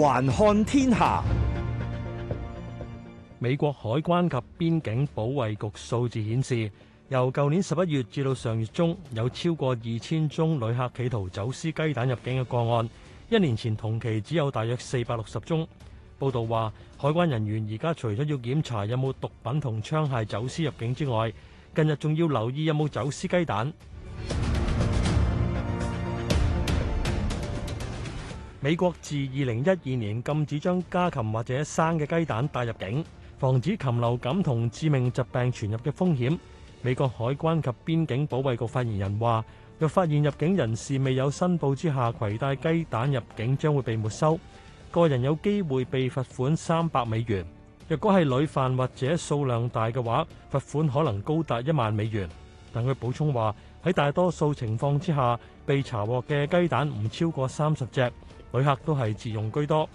環看天下，美國海關及邊境保衛局數字顯示，由舊年十一月至到上月中有超過二千宗旅客企圖走私雞蛋入境嘅個案，一年前同期只有大約四百六十宗。報道話，海關人員而家除咗要檢查有冇毒品同槍械走私入境之外，近日仲要留意有冇走私雞蛋。美國自二零一二年禁止將家禽或者生嘅雞蛋帶入境，防止禽流感同致命疾病傳入嘅風險。美國海關及邊境保衛局發言人話：若發現入境人士未有申報之下攜帶雞蛋入境，將會被沒收，個人有機會被罰款三百美元。若果係累犯或者數量大嘅話，罰款可能高達一萬美元。但佢補充話：喺大多數情況之下，被查獲嘅雞蛋唔超過三十隻，旅客都係自用居多。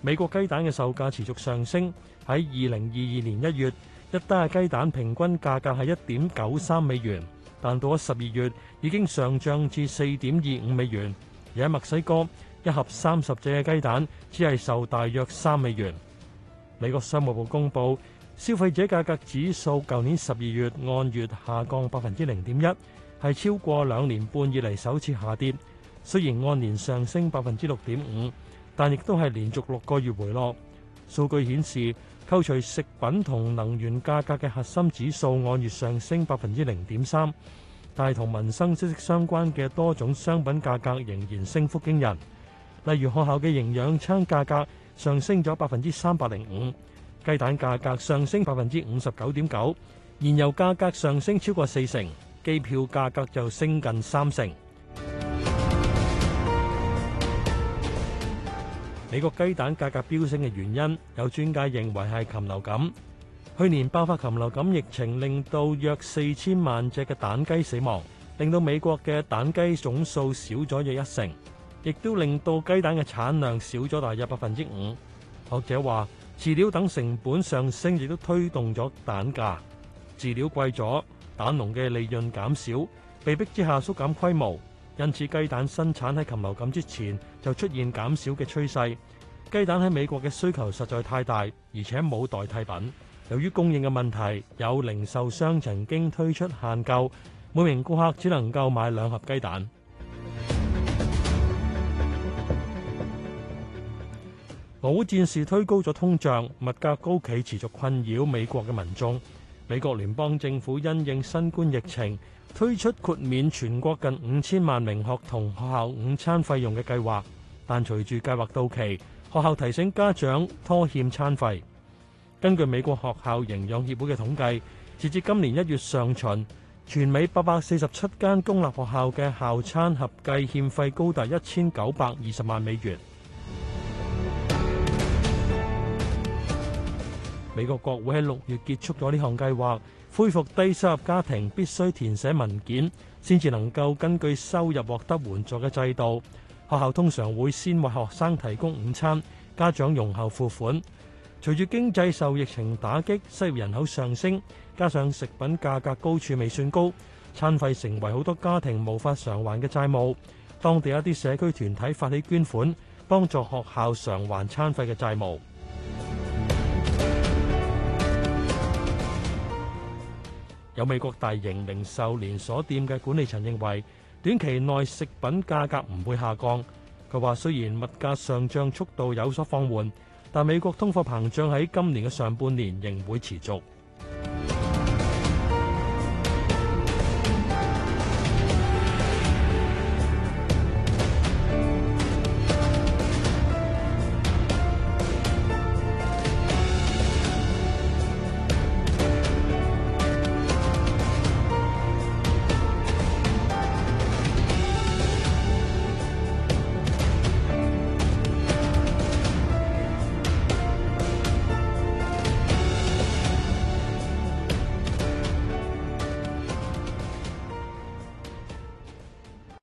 美國雞蛋嘅售價持續上升，喺二零二二年一月，一打雞蛋平均價格係一點九三美元，但到咗十二月已經上漲至四點二五美元。而喺墨西哥，一盒三十隻嘅雞蛋只係售大約三美元。美國商務部公佈消費者價格指數舊年十二月按月下降百分之零點一，係超過兩年半以嚟首次下跌。雖然按年上升百分之六點五，但亦都係連續六個月回落。數據顯示，扣除食品同能源價格嘅核心指數按月上升百分之零點三，但同民生息息相關嘅多種商品價格仍然升幅驚人。例如學校嘅營養餐價格上升咗百分之三百零五。雞蛋價格上升百分之五十九點九，燃油價格上升超過四成，機票價格就升近三成。美國雞蛋價格飆升嘅原因，有專家認為係禽流感。去年爆發禽流感疫情，令到約四千萬隻嘅蛋雞死亡，令到美國嘅蛋雞總數少咗約一成，亦都令到雞蛋嘅產量少咗大約百分之五。學者話。飼料等成本上升，亦都推動咗蛋價。飼料貴咗，蛋農嘅利潤減少，被逼之下縮減規模，因此雞蛋生產喺禽流感之前就出現減少嘅趨勢。雞蛋喺美國嘅需求實在太大，而且冇代替品。由於供應嘅問題，有零售商曾經推出限購，每名顧客只能夠買兩盒雞蛋。俄烏戰事推高咗通脹，物價高企持續困擾美國嘅民眾。美國聯邦政府因應新冠疫情，推出豁免全國近五千萬名學童學校午餐費用嘅計劃，但隨住計劃到期，學校提醒家長拖欠餐費。根據美國學校營養協會嘅統計，截至今年一月上旬，全美八百四十七間公立學校嘅校餐合計欠費高達一千九百二十萬美元。美國國會喺六月結束咗呢項計劃，恢復低收入家庭必須填寫文件先至能夠根據收入獲得援助嘅制度。學校通常會先為學生提供午餐，家長容後付款。隨住經濟受疫情打擊，失業人口上升，加上食品價格高處未算高，餐費成為好多家庭無法償還嘅債務。當地一啲社區團體發起捐款，幫助學校償還餐費嘅債務。有美國大型零售連鎖店嘅管理層認為，短期內食品價格唔會下降。佢話：雖然物價上漲速度有所放緩，但美國通貨膨脹喺今年嘅上半年仍會持續。Oh,